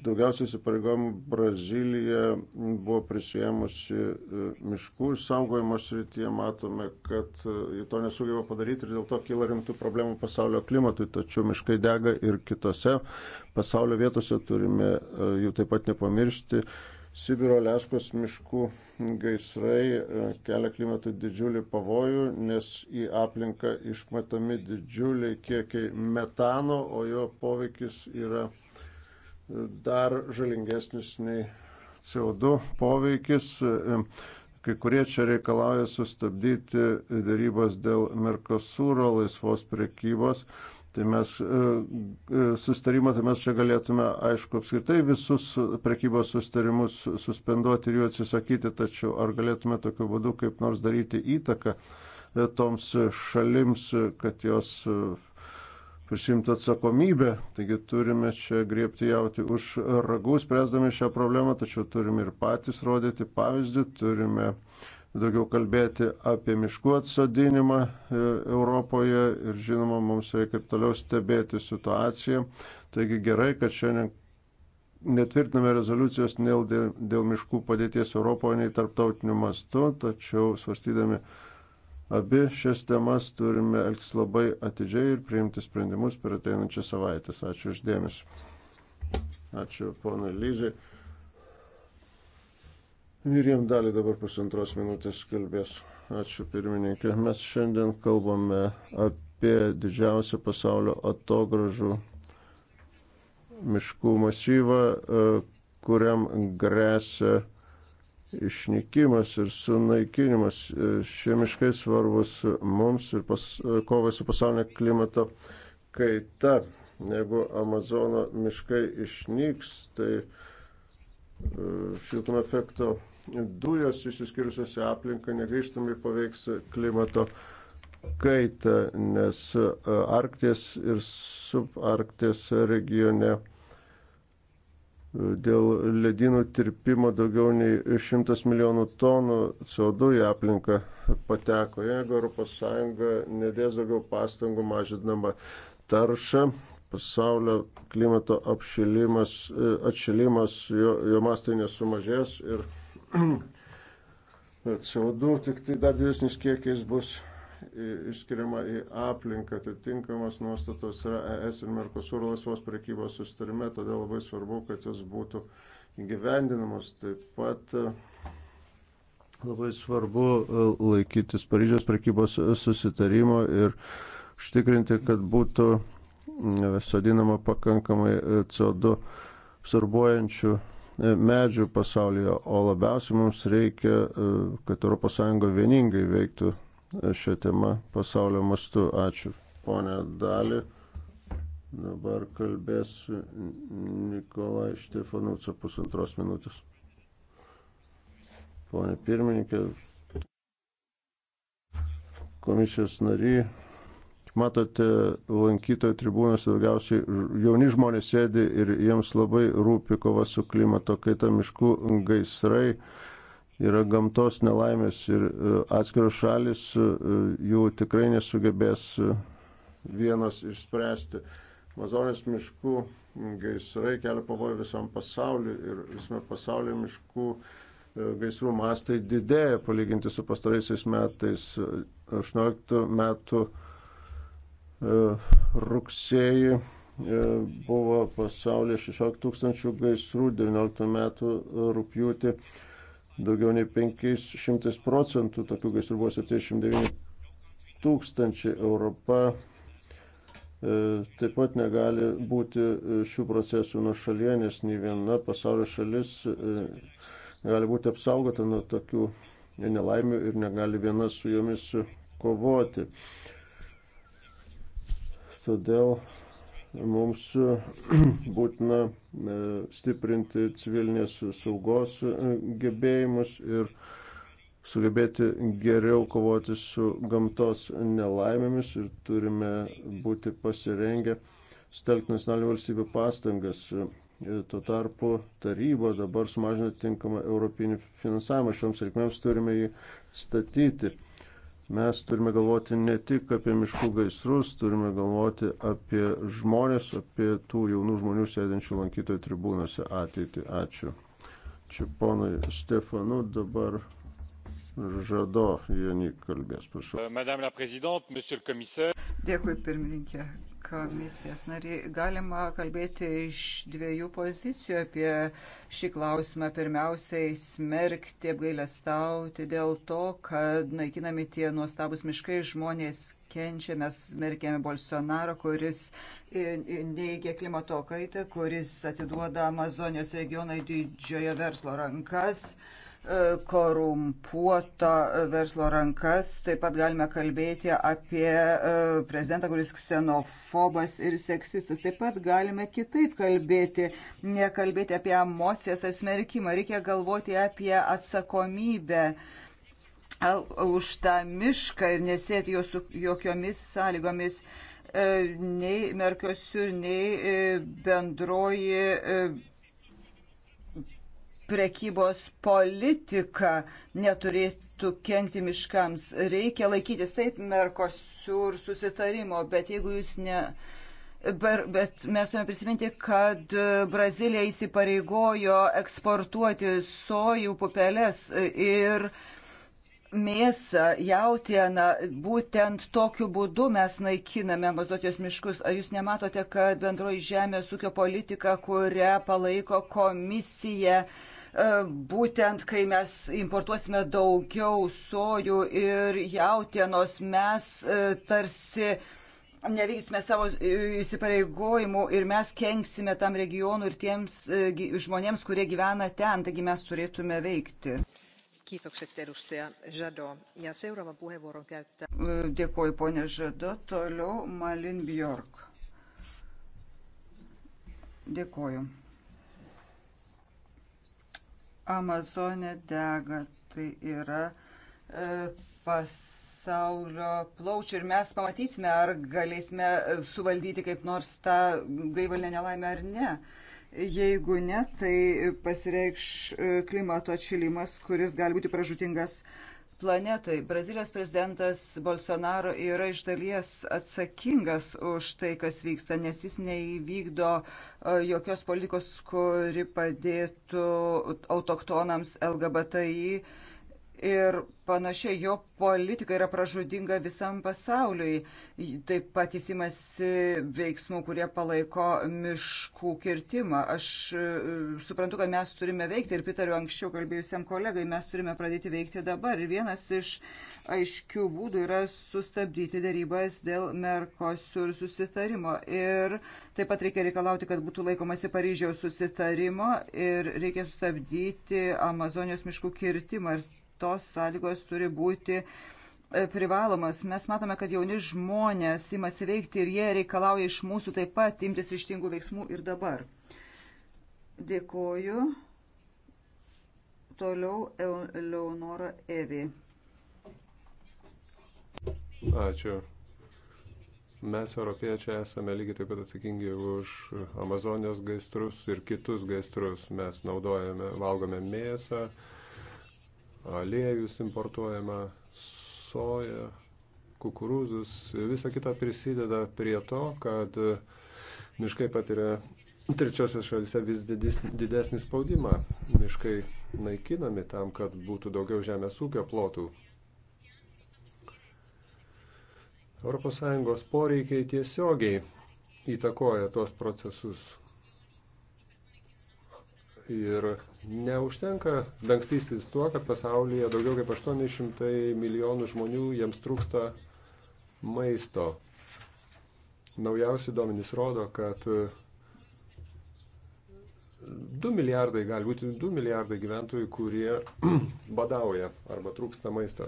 daugiausiai įsipareigojimų Brazilija buvo prisijėmusi e, miškų išsaugojimo srityje. Matome, kad e, jie to nesugeba padaryti ir dėl to kyla rimtų problemų pasaulio klimatui. Tačiau miškai dega ir kitose pasaulio vietose turime jų taip pat nepamiršti. Sibiro leskos miškų gaisrai kelia klimatui didžiulį pavojų, nes į aplinką išmetami didžiuliai kiekiai metano, o jo poveikis yra dar žalingesnis nei CO2 poveikis. Kai kurie čia reikalauja sustabdyti darybas dėl Merkosūro laisvos prekybos. Tai mes e, e, sustarimą, tai mes čia galėtume, aišku, apskritai visus prekybos sustarimus suspenduoti ir jų atsisakyti, tačiau ar galėtume tokiu būdu kaip nors daryti įtaką e, toms šalims, kad jos prisimti atsakomybę. Taigi turime čia griebti jauti už ragų, spręsdami šią problemą, tačiau turime ir patys rodyti pavyzdį, turime daugiau kalbėti apie miškų atsodinimą e, Europoje ir žinoma, mums reikia ir toliau stebėti situaciją. Taigi gerai, kad šiandien netvirtiname rezoliucijos dėl, dėl miškų padėties Europoje nei tarptautiniu mastu, tačiau svarstydami Abi šias temas turime elgtis labai atidžiai ir priimti sprendimus per ateinančią savaitę. Ačiū uždėmesi. Ačiū ponui Lyzai. Miriam dalį dabar pusantros minutės kalbės. Ačiū pirmininkė. Mes šiandien kalbame apie didžiausią pasaulio atogražų miškų masyvą, e, kuriam grėsia išnykimas ir sunaikinimas. E, šie miškai svarbus mums ir pas, e, kovai su pasaulinė klimato kaita. Jeigu Amazono miškai išnyks, tai e, šiltumo efekto dujos išsiskirusios į aplinką negryžtamai paveiks klimato kaitą, nes Arkties ir subarkties regione dėl ledynų tirpimo daugiau nei 100 milijonų tonų CO2 į aplinką pateko. Jeigu ES nedės daugiau pastangų mažinama taršą, pasaulio klimato apšilimas, e, atšilimas, jo, jo mastai nesumažės ir CO2 [CLEARS THROAT] tik tai dar didesnis kiekis bus išskiriama į aplinką, atitinkamas nuostatos yra ES ir Merkosur laisvos prekybos sustarime, todėl labai svarbu, kad jos būtų įgyvendinamos. Taip pat e, labai svarbu e, laikytis Paryžiaus prekybos susitarimo ir užtikrinti, kad būtų sodinama pakankamai e, CO2 absorbuojančių medžių pasaulyje, o labiausiai mums reikia, kad ES vieningai veiktų šią temą pasaulio mastu. Ačiū, ponė Dali. Dabar kalbės Nikolai Štefanuca pusantros minutės. Pone pirmininkė, komisijos nariai, matote, lankytojų tribūnose daugiausiai jauni žmonės sėdi ir jiems labai rūpi kova su klimato kaita, miškų gaisrai yra gamtos nelaimės ir e, atskiros šalis e, e, jų tikrai nesugebės vienas išspręsti. Amazonės miškų gaisrai kelia pavojų visam pasauliu ir visame pasaulyje miškų gaisrų mastai didėja palyginti su pastaraisiais metais. 18 metų rugsėjį buvo pasaulyje 16 tūkstančių gaisrų, 19 metų rūpjūtį daugiau nei 500 procentų, tokių gaisrų buvo 79 tūkstančiai. Europa e, taip pat negali būti e, šių procesų nuošalyje, nes nei viena pasaulio šalis e, gali būti apsaugota nuo tokių nelaimių ir negali viena su jomis kovoti. Todėl mums [CLEARS THROAT] būtina e, stiprinti civilinės saugos e, gebėjimus ir sugebėti geriau kovoti su gamtos nelaimėmis ir turime būti pasirengę stelkti nacionalinių valstybių pastangas. E, tuo tarpu taryba dabar sumažina tinkamą europinį finansavimą šioms reikmėms turime jį statyti. Mes turime galvoti ne tik apie miškų gaisrus, turime galvoti apie žmonės, apie tų jaunų žmonių sėdinčių lankytojų tribūnose ateitį. Ačiū. Čia ponui Stefanu dabar žado Janik kalbės, prašau. Dėkui, pirmininkė, komisijos nariai, galima kalbėti iš dviejų pozicijų apie šį klausimą. Pirmiausiai smerkti, apgailestauti dėl to, kad naikinami tie nuostabus miškai žmonės kenčia, mes smerkėme Bolsonaro, kuris e, e, neigia klimato kaitą, kuris atiduoda Amazonijos regionai didžiojo verslo rankas. Uh, korumpuoto verslo rankas. Taip pat galime kalbėti apie e, prezidentą, kuris ksenofobas ir seksistas. Taip pat galime kitaip kalbėti, nekalbėti apie emocijas ar smerkimą. Reikia galvoti apie atsakomybę e, už tą mišką ir nesėti jo su jokiomis sąlygomis e, nei Merkiosiur, nei bendroji prekybos politika neturėtų kenkti miškams. Reikia laikytis taip Merkosur susitarimo, bet jeigu jūs ne. Bet mes turime prisiminti, kad Brazilija įsipareigojo eksportuoti sojų pupelės ir mėsą, jautieną, būtent tokiu būdu mes naikiname Amazotijos miškus. Ar jūs nematote, kad bendroji žemės ūkio politika, kurią palaiko komisija, uh, E, būtent kai mes importuosime daugiau sojų ir jautienos, mes e, tarsi nevykdysime savo e, įsipareigojimų ir mes kenksime tam regionui ir tiems žmonėms, kurie gyvena ten, taigi mes turėtume veikti. Dėkuoju, ponė Žado. Toliau Malin Bjork. Dėkuoju. Amazonė dega. Tai yra e, pasaulio plaučių ir mes pamatysime, ar galėsime suvaldyti kaip nors tą gaivalinę nelaimę ar ne. Jeigu ne, tai pasireikš e, klimato atšilimas, kuris gali būti pražutingas planetai. Brazilijos prezidentas Bolsonaro yra iš dalies atsakingas už tai, kas vyksta, nes jis neįvykdo e, jokios politikos, kuri padėtų autoktonams LGBTI ir panašiai jo politika yra pražudinga visam pasauliui. Taip pat jis imasi veiksmų, kurie palaiko miškų kirtimą. Aš e, suprantu, kad mes turime veikti ir pritariu anksčiau kalbėjusiam kolegai, mes turime pradėti veikti dabar. Ir vienas iš aiškių būdų yra sustabdyti darybas dėl Merkosur susitarimo. Ir taip pat reikia reikalauti, kad būtų laikomasi Paryžiaus susitarimo ir reikia sustabdyti Amazonijos miškų kirtimą. Ir tos sąlygos turi būti e, privalomas. Mes matome, kad jauni žmonės imasi veikti ir jie reikalauja iš mūsų taip pat imtis ryštingų veiksmų ir dabar. Dėkoju. Toliau Leonora Evi. Ačiū. Mes, europiečiai, esame lygiai taip pat atsakingi už Amazonijos gaistrus ir kitus gaistrus. Mes naudojame, valgome mėsą, aliejus importuojama, soja, kukurūzus, visa kita prisideda prie to, kad miškai patiria trečiosios šalise vis didesnį spaudimą. Miškai naikinami tam, kad būtų daugiau žemės ūkio plotų. ES poreikiai tiesiogiai įtakoja tuos procesus. Ir neužtenka dangstytis tuo, kad pasaulyje daugiau kaip 800 milijonų žmonių jiems trūksta maisto. Naujausi duomenys rodo, kad 2 milijardai, gali būti 2 milijardai gyventojų, kurie [CLEARS THROAT] badauja arba trūksta maisto.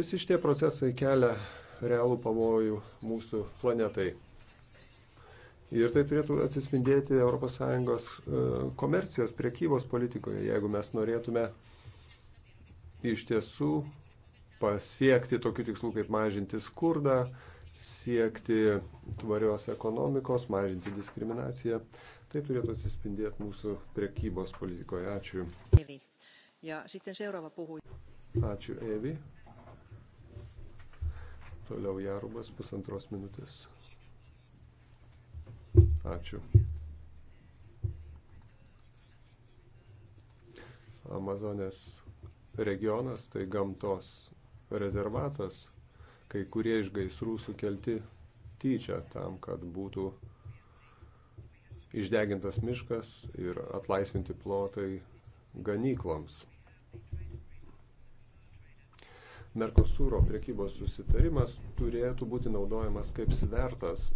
Visi šitie procesai kelia realų pavojų mūsų planetai. Ir tai turėtų atsispindėti ES e, komercijos, priekybos politikoje, jeigu mes norėtume iš tiesų pasiekti tokių tikslų, kaip mažinti skurdą, siekti tvarios ekonomikos, mažinti diskriminaciją. Tai turėtų atsispindėti mūsų priekybos politikoje. Ačiū. Evi. Ja sitten seuraava puhui. Ačiū, Evi. Toliau Jarubas, pusantros minutės. Ačiū. Amazonės regionas tai gamtos rezervatas, kai kurie iš gaisrų sukelti tyčia tam, kad būtų išdegintas miškas ir atlaisvinti plotai ganykloms. Merkosūro priekybos susitarimas turėtų būti naudojamas kaip svertas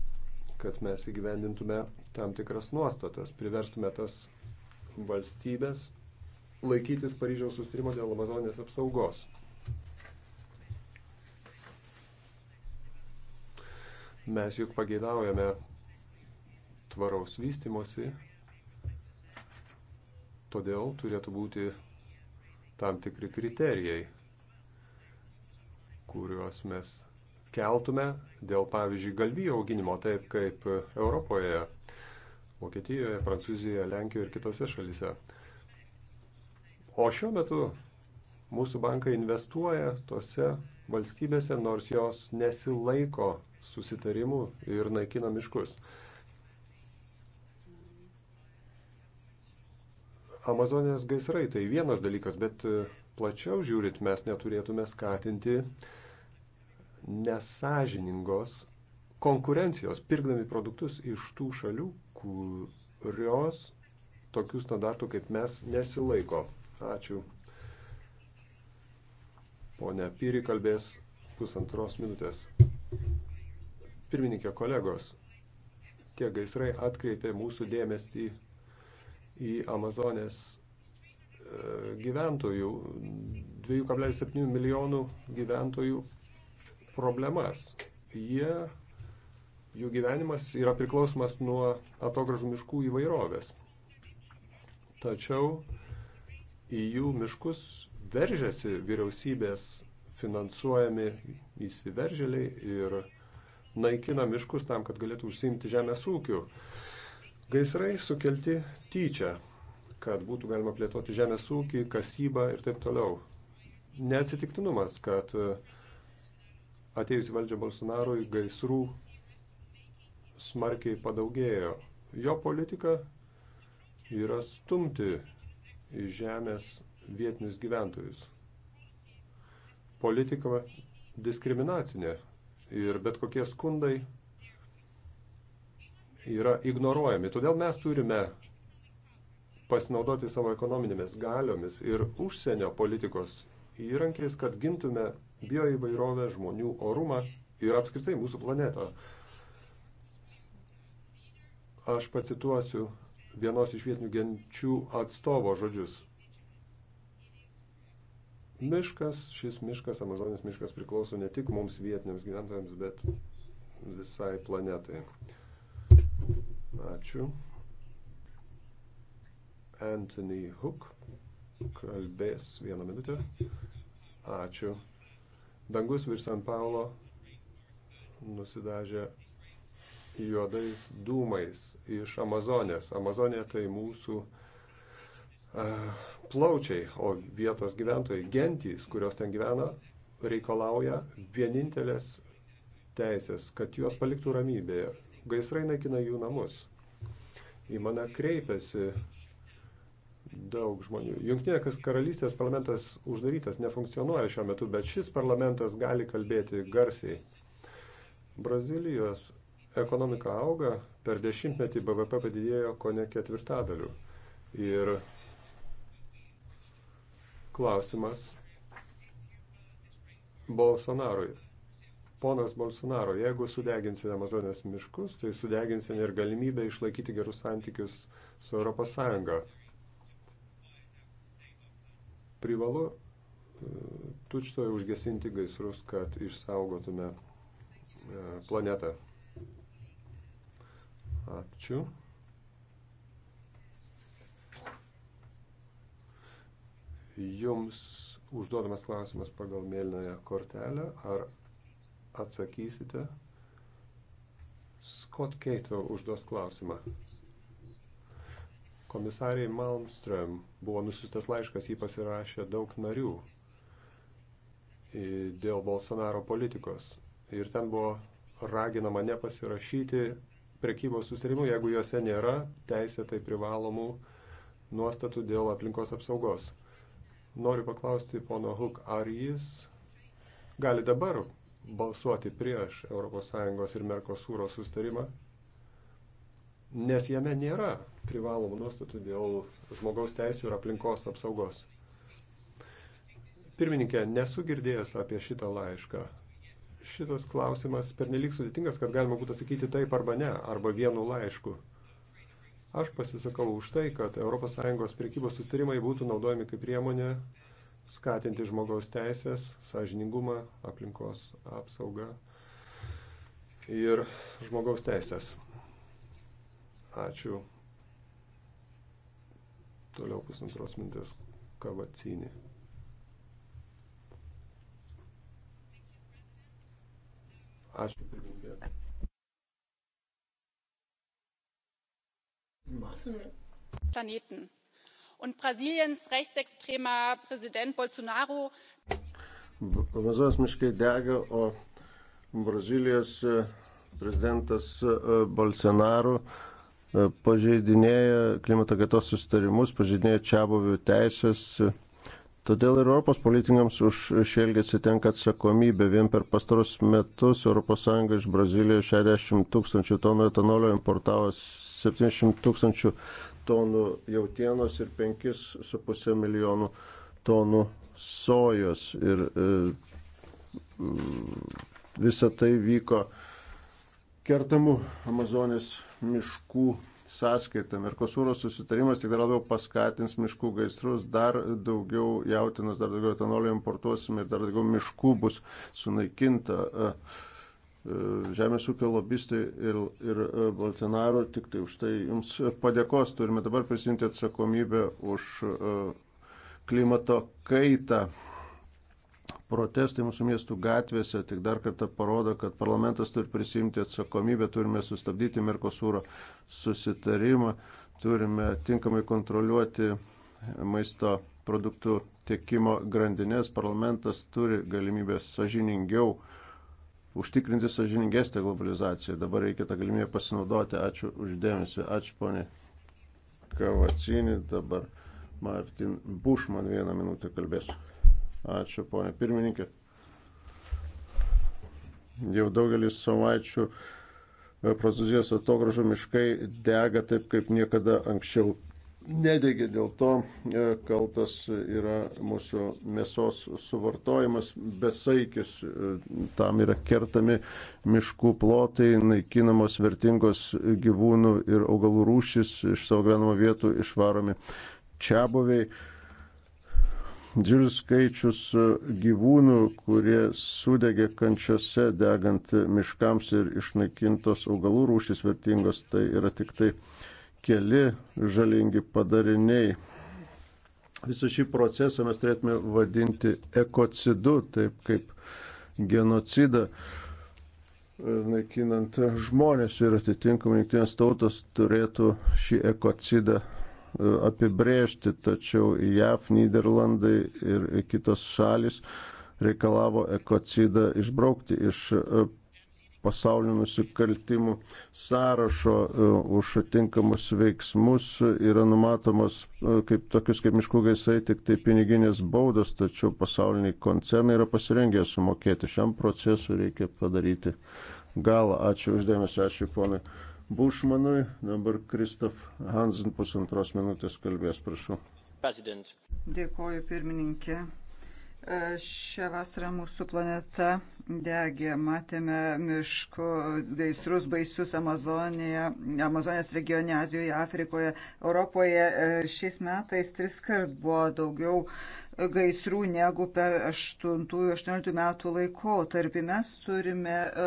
kad mes įgyvendintume tam tikras nuostatas, priverstume tas valstybės laikytis Paryžiaus sustarimo dėl Amazonės apsaugos. Mes juk pageidaujame tvaraus vystimosi, todėl turėtų būti tam tikri kriterijai, kuriuos mes keltume dėl, pavyzdžiui, galvijų auginimo, taip kaip Europoje, Vokietijoje, Prancūzijoje, Lenkijoje ir kitose šalise. O šiuo metu mūsų bankai investuoja tose valstybėse, nors jos nesilaiko susitarimų ir naikina miškus. Amazonės gaisrai tai vienas dalykas, bet plačiau žiūrint mes neturėtume skatinti uh, nesažiningos konkurencijos, pirkdami produktus iš tų šalių, kurios tokių standartų kaip mes nesilaiko. Ačiū. Pone Pyri kalbės pusantros minutės. Pirmininkė kolegos, tie gaisrai atkreipė mūsų dėmesį į Amazonės e, gyventojų, 2,7 milijonų gyventojų problemas. Jie, jų gyvenimas yra priklausomas nuo atogražų miškų įvairovės. Tačiau į jų miškus veržiasi vyriausybės finansuojami įsiveržėliai ir naikina miškus tam, kad galėtų užsiimti žemės ūkiu. Gaisrai sukelti tyčia, kad būtų galima plėtoti žemės ūkį, kasybą ir taip toliau. Neatsitiktinumas, kad uh, atėjus valdžia Bolsonarui gaisrų smarkiai padaugėjo. Jo politika yra stumti į žemės vietinius gyventojus. Politika diskriminacinė ir bet kokie skundai yra ignoruojami. Todėl mes turime pasinaudoti savo ekonominėmis galiomis ir užsienio politikos įrankiais, kad gintume bioįvairovę, žmonių orumą ir apskritai mūsų planetą. Aš pacituosiu vienos iš vietinių genčių atstovo žodžius. Miškas, šis miškas, Amazonės miškas priklauso ne tik mums vietiniams gyventojams, bet visai planetai. Ačiū. Anthony Hook kalbės vieną minutę. Ačiū. Dangus virš San Paulo nusidažė juodais dūmais iš Amazonės. Amazonė tai mūsų uh, plaučiai, o vietos gyventojai, gentys, kurios ten gyvena, reikalauja vienintelės teisės, kad juos paliktų ramybėje. Gaisrai naikina jų namus. Į mane kreipiasi daug žmonių. Junktinės karalystės parlamentas uždarytas, nefunkcionuoja šiuo metu, bet šis parlamentas gali kalbėti garsiai. Brazilijos ekonomika auga, per dešimtmetį BVP padidėjo ko ne ketvirtadaliu. Ir klausimas Bolsonarui. Ponas Bolsonaro, jeigu sudeginsite Amazonės miškus, tai sudeginsite ir galimybę išlaikyti gerus santykius su ES. Privalu e, tučtoje užgesinti gaisrus, kad išsaugotume e, planetą. Ačiū. Jums užduodamas klausimas pagal mėlynąją kortelę, ar atsakysite? Scott Keito užduos klausimą. Komisariai Malmström buvo nusiustas laiškas, jį pasirašė daug narių dėl Bolsonaro politikos. Ir ten buvo raginama nepasirašyti prekybos susitarimų, jeigu juose nėra teisėtai privalomų nuostatų dėl aplinkos apsaugos. Noriu paklausti pono Huk, ar jis gali dabar balsuoti prieš ES ir Merkosūro sustarimą nes jame nėra privalomų nuostatų dėl žmogaus teisų ir aplinkos apsaugos. Pirmininkė, nesu girdėjęs apie šitą laišką. Šitas klausimas pernelyg sudėtingas, kad galima būtų sakyti taip arba ne, arba vienu laišku. Aš pasisakau už tai, kad ES priekybos sustarimai būtų naudojami kaip priemonė skatinti žmogaus teisės, sąžiningumą, aplinkos apsaugą ir žmogaus teisės. Ačiū. Toliau pusantros mintės kavacinį. Ačiū pirmininkė. Planeten. Und Brasiliens rechtsextremer Präsident Bolsonaro. Amazonės miškai dega, o Brazilijos eh, prezidentas eh, Bolsonaro uh, E, pažeidinėja klimato kaitos sustarimus, pažeidinėja čia buvių teisės. Todėl ir Europos politikams už šį elgesį tenka atsakomybė. Vien per pastarus metus ES iš Brazilijos 60 tūkstančių tonų etanolio importavo 700 tūkstančių tonų jautienos ir 5,5 milijonų tonų sojos. Ir e, visa tai vyko kertamų Amazonės miškų sąskaitą. Merkosūros susitarimas tik dar labiau paskatins miškų gaisrus, dar daugiau jautinos, dar daugiau etanolio importuosime ir dar daugiau miškų bus sunaikinta. E, e, Žemės ūkio lobistai ir, ir e, Bolsonaro tik tai už tai jums padėkos. Turime dabar prisimti atsakomybę už klimato kaitą. Protestai mūsų miestų gatvėse tik dar kartą parodo, kad parlamentas turi prisimti atsakomybę, turime sustabdyti Merkosūro susitarimą, turime tinkamai kontroliuoti maisto produktų tiekimo grandinės. Parlamentas turi galimybę sažiningiau užtikrinti sažiningesnę globalizaciją. Dabar reikia tą galimybę pasinaudoti. Ačiū uždėmesi. Ačiū, ponė Kavacinį. Dabar Martin Bušman vieną minutę kalbės. Ačiū, ponė pirmininkė. Jau daugelis savaičių e, Prancūzijos atogražų miškai dega taip, kaip niekada anksčiau nedegė. Dėl to e, kaltas yra mūsų mėsos suvartojimas, besaikis, e, tam yra kertami miškų plotai, naikinamos vertingos gyvūnų ir augalų rūšis iš savo gyvenamo vietų išvaromi čia buviai didžiulis skaičius gyvūnų, kurie sudegė kančiose degant miškams ir išnaikintos augalų rūšys vertingos, tai yra tik tai keli žalingi padariniai. Visą šį procesą mes turėtume vadinti ekocidu, taip kaip genocidą e, naikinant žmonės ir atitinkamai jungtinės tautos turėtų šį ekocidą apibrėžti, tačiau JAV, Niderlandai ir kitos šalis reikalavo ekocidą išbraukti iš e, pasaulio nusikaltimų sąrašo e, už atinkamus veiksmus yra numatomos e, kaip tokius kaip miškų gaisai tik tai piniginės baudos, tačiau pasauliniai koncernai yra pasirengę sumokėti. Šiam procesui reikia padaryti galą. Ačiū uždėmesi, ačiū ponai. Bušmanui. Dabar Kristof Hansen pusantros minutės kalbės, prašau. President. Dėkoju pirmininkė. E, šią vasarą mūsų planeta degė, matėme miško gaisrus baisius Amazonėje, Amazonės regione, Azijoje, Afrikoje, Europoje. E, šiais metais tris kart buvo daugiau uh, gaisrų negu per 8-18 metų laikotarpį. Mes turime e,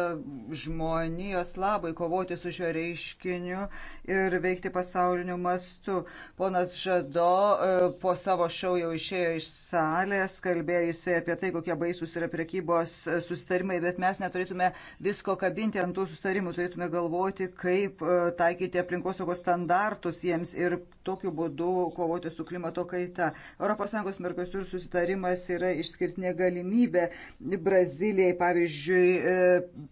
žmonijos labai kovoti su šio reiškiniu ir veikti pasauliniu mastu. Ponas Žado e, po savo šau jau išėjo iš salės, kalbėjusi apie tai, kokie baisus yra prekybos e, sustarimai, bet mes neturėtume visko kabinti ant tų sustarimų, turėtume galvoti, kaip taikyti aplinkosaugos standartus jiems ir tokiu būdu kovoti su klimato kaita. ES Merkosur Merkosur susitarimas yra išskirtinė galimybė Brazilijai, pavyzdžiui, e,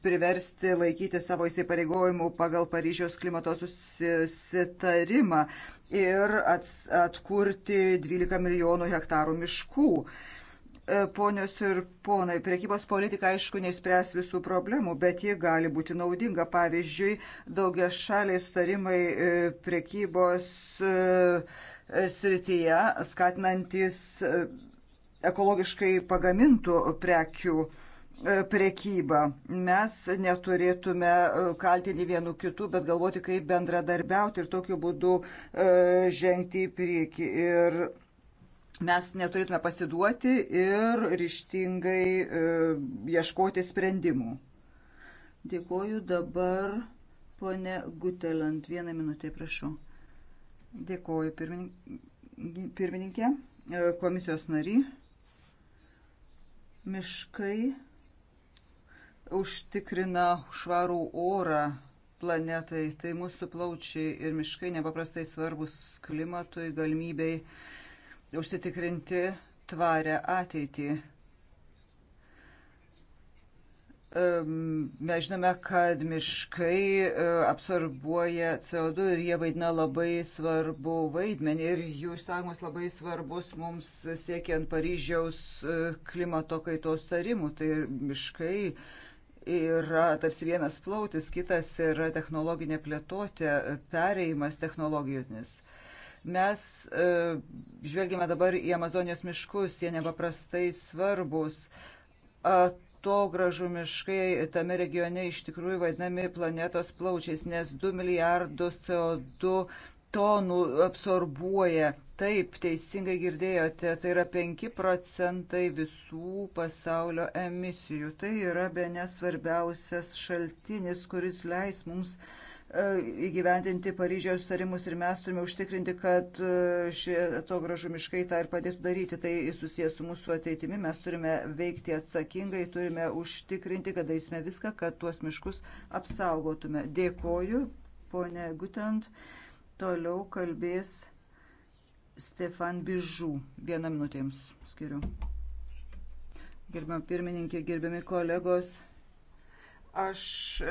priversti laikyti savo įsipareigojimų pagal Paryžiaus klimato susitarimą ir atkurti 12 milijonų hektarų miškų e, ponios ir ponai, priekybos politika aišku neįspręs visų problemų, bet ji gali būti naudinga. Pavyzdžiui, daugia šaliai sutarimai e, priekybos srityje, skatinantis e, ekologiškai pagamintų prekių e, prekybą. Mes neturėtume e, kaltinti vienų kitų, bet galvoti, kaip bendradarbiauti ir tokiu būdu žengti į priekį. Ir mes neturėtume pasiduoti ir ryštingai ieškoti sprendimų. Dėkoju dabar, ponė Gutelant. Vieną minutę, prašau. Dėkoju pirmininkė, e, komisijos nary. Miškai užtikrina švarų orą planetai, tai mūsų plaučiai ir miškai nepaprastai svarbus klimatui, galimybei užsitikrinti tvarę ateitį. Mes žinome, kad miškai e, absorbuoja CO2 ir jie vaidina labai svarbu vaidmenį ir jų išsakymas labai svarbus mums siekiant Paryžiaus e, klimato kaitos tarimų. Tai miškai yra tarsi vienas plautis, kitas yra technologinė plėtotė, pereimas technologinis. Mes e, žvelgime dabar į Amazonijos miškus, jie nepaprastai svarbus. At atogražų miškai tame regione iš tikrųjų vadinami planetos plaučiais, nes 2 milijardus CO2 tonų absorbuoja. Taip, teisingai girdėjote, tai yra 5 procentai visų pasaulio emisijų. Tai yra be nesvarbiausias šaltinis, kuris leis mums uh, E, įgyvendinti Paryžiaus sutarimus ir mes turime užtikrinti, kad e, šie to gražu miškai tą ir padėtų daryti. Tai susijęs su mūsų ateitimi. Mes turime veikti atsakingai, turime užtikrinti, kad darysime viską, kad tuos miškus apsaugotume. Dėkoju, ponė Gutent. Toliau kalbės Stefan Bižų. Vieną minutę jums skiriu. Gerbiam pirmininkė, gerbiami kolegos. Aš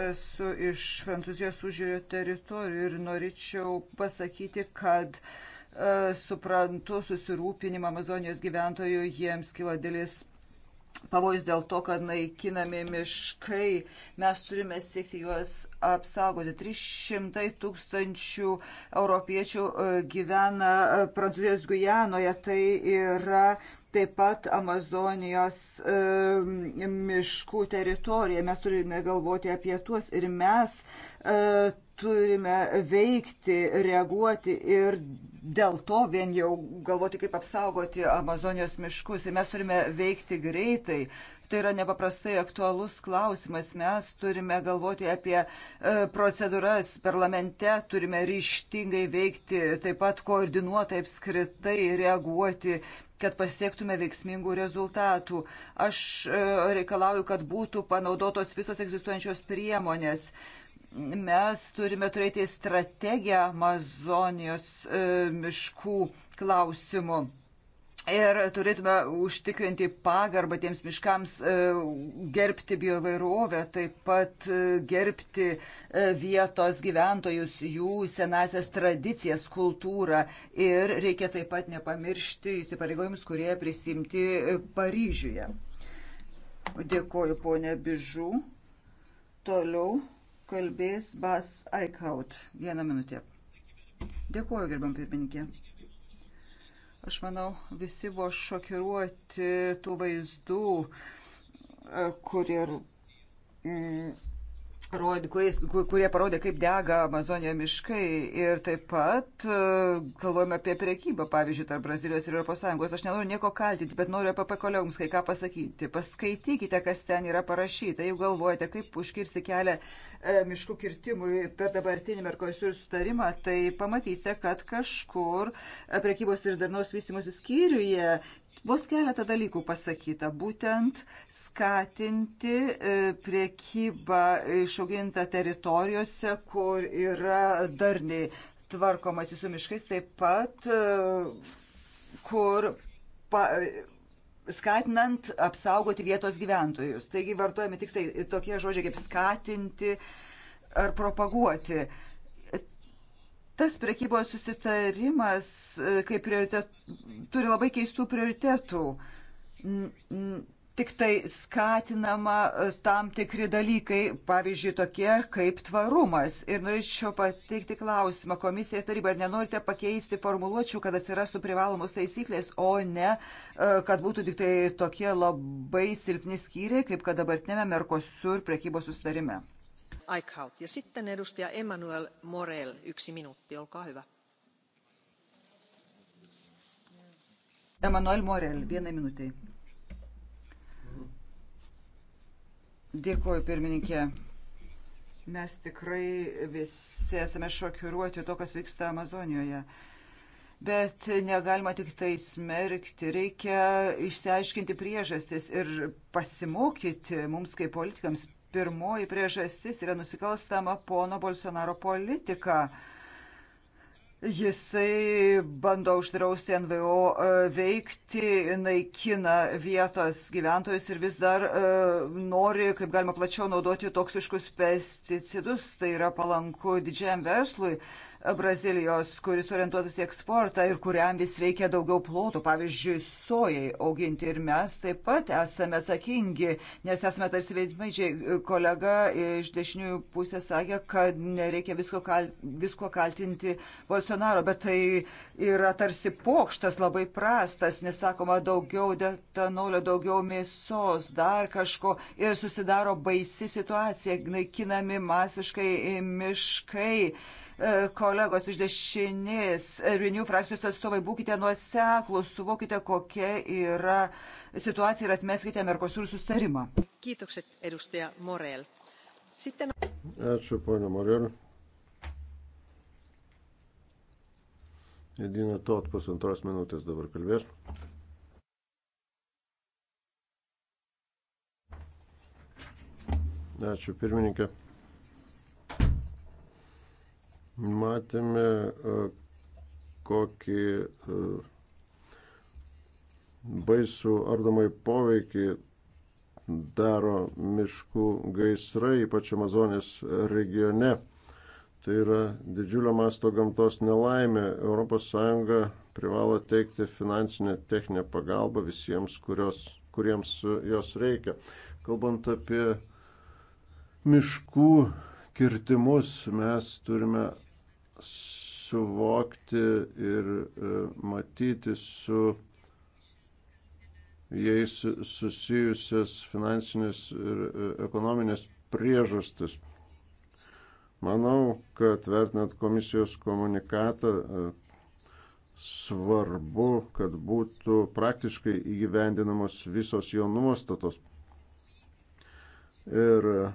esu iš Prancūzijos užžiūrio teritorijų ir norėčiau pasakyti, kad e, suprantu susirūpinimą Amazonijos gyventojų, jiems kilo dėlis pavojus dėl to, kad naikinami miškai, mes turime siekti juos apsaugoti. 300 tūkstančių europiečių e, gyvena e, Prancūzijos Gujanoje, tai yra taip pat Amazonijos e, miškų teritoriją. Mes turime galvoti apie tuos ir mes e, turime veikti, reaguoti ir dėl to vien jau galvoti, kaip apsaugoti Amazonijos miškus. Ir mes turime veikti greitai, Tai yra nepaprastai aktualus klausimas. Mes turime galvoti apie e, procedūras parlamente, turime ryštingai veikti ir taip pat koordinuotai apskritai reaguoti kad pasiektume veiksmingų rezultatų. Aš e, reikalauju, kad būtų panaudotos visos egzistuojančios priemonės mes turime turėti strategiją Amazonijos e, miškų klausimu. Ir turėtume užtikrinti pagarbą tiems miškams, e, gerbti biovairovę, taip pat e, gerbti e, vietos gyventojus, jų senasias tradicijas, kultūrą. Ir reikia taip pat nepamiršti įsipareigojimus, kurie prisimti Paryžiuje. Dėkoju, ponė Bižu. Toliau kalbės Bas Aikaut. Vieną minutę. Dėkoju, gerbam pirmininkė. Aš manau, visi buvo šokiruoti tų vaizdų, e, kur ir mm, Rod, kuris, kurie parodė, kaip dega Amazonijos miškai ir taip pat e, kalbame apie priekybą, pavyzdžiui, tarp Brazilijos ir ES. Aš nenoriu nieko kaltinti, bet noriu apie kolegoms kai ką pasakyti. Paskaitykite, kas ten yra parašyta. Jeigu galvojate, kaip užkirsti kelią e, miškų kirtimui per dabartinį Merkosių sutarimą, tai pamatysite, kad kažkur e, priekybos ir darnaus vystimosi skyriuje Vos keletą dalykų pasakyta, būtent skatinti e, priekybą išaugintą teritorijose, kur yra darniai tvarkomasi su miškais, taip pat e, kur pa, skatinant apsaugoti vietos gyventojus. Taigi vartojami tik tai tokie žodžiai kaip skatinti ar propaguoti. Uh, tas prekybos susitarimas e, kaip prioritet, turi labai keistų prioritetų. Tik tai skatinama e, tam tikri dalykai, pavyzdžiui, tokie kaip tvarumas. Ir norėčiau pateikti klausimą komisijai tarybai, ar nenorite pakeisti formuluočių, kad atsirastų privalomos taisyklės, o ne, e, kad būtų tik tai tokie labai silpni skyriai, kaip kad dabartinėme Merkosur prekybos sustarime. Eickhout. Ja sitten edustaja Emmanuel Morel, yksi minuutti, olkaa hyvä. Emanuel Morel, vienai minutiai. Dėkuoju, pirmininkė. Mes tikrai visi esame šokiruoti to, kas vyksta Amazonijoje. Bet negalima tik tai smerkti, reikia išsiaiškinti priežastis ir pasimokyti mums kaip politikams pirmoji priežastis yra nusikalstama pono Bolsonaro politika. Jisai bando uždrausti NVO e, veikti, naikina vietos gyventojus ir vis dar e, nori, kaip galima plačiau, naudoti toksiškus pesticidus. Tai yra palanku didžiajam verslui. Brazilijos, kuris orientuotas į eksportą ir kuriam vis reikia daugiau plotų, pavyzdžiui, sojai auginti. Ir mes taip pat esame atsakingi, nes esame tarsi veidmaidžiai. Kolega iš dešiniųjų pusės sakė, kad nereikia visko, kal, visko kaltinti Bolsonaro, bet tai yra tarsi pokštas labai prastas, nes sakoma, daugiau detanolio, daugiau mėsos, dar kažko. Ir susidaro baisi situacija, naikinami masiškai miškai E, kolegos iš dešinės e, Renew frakcijos atstovai, būkite nuoseklus, suvokite, kokia yra situacija ir atmeskite Merkosur sustarimą. Kiitokset, edustaja Morel. Sitten... Ačiū, ponia Morel. Edina Tot pusantros minutės dabar kalbės. Ačiū pirmininkė matėme, e, kokį e, baisų ardomai poveikį daro miškų gaisrai, ypač Amazonės regione. Tai yra didžiulio masto gamtos nelaimė. ES privalo teikti finansinę techninę pagalbą visiems, kurios, kuriems jos reikia. Kalbant apie miškų kirtimus mes turime suvokti ir e, matyti su jais susijusias finansinės ir e, ekonominės priežastis. Manau, kad vertinant komisijos komunikatą, e, svarbu, kad būtų praktiškai įgyvendinamos visos jo nuostatos. Ir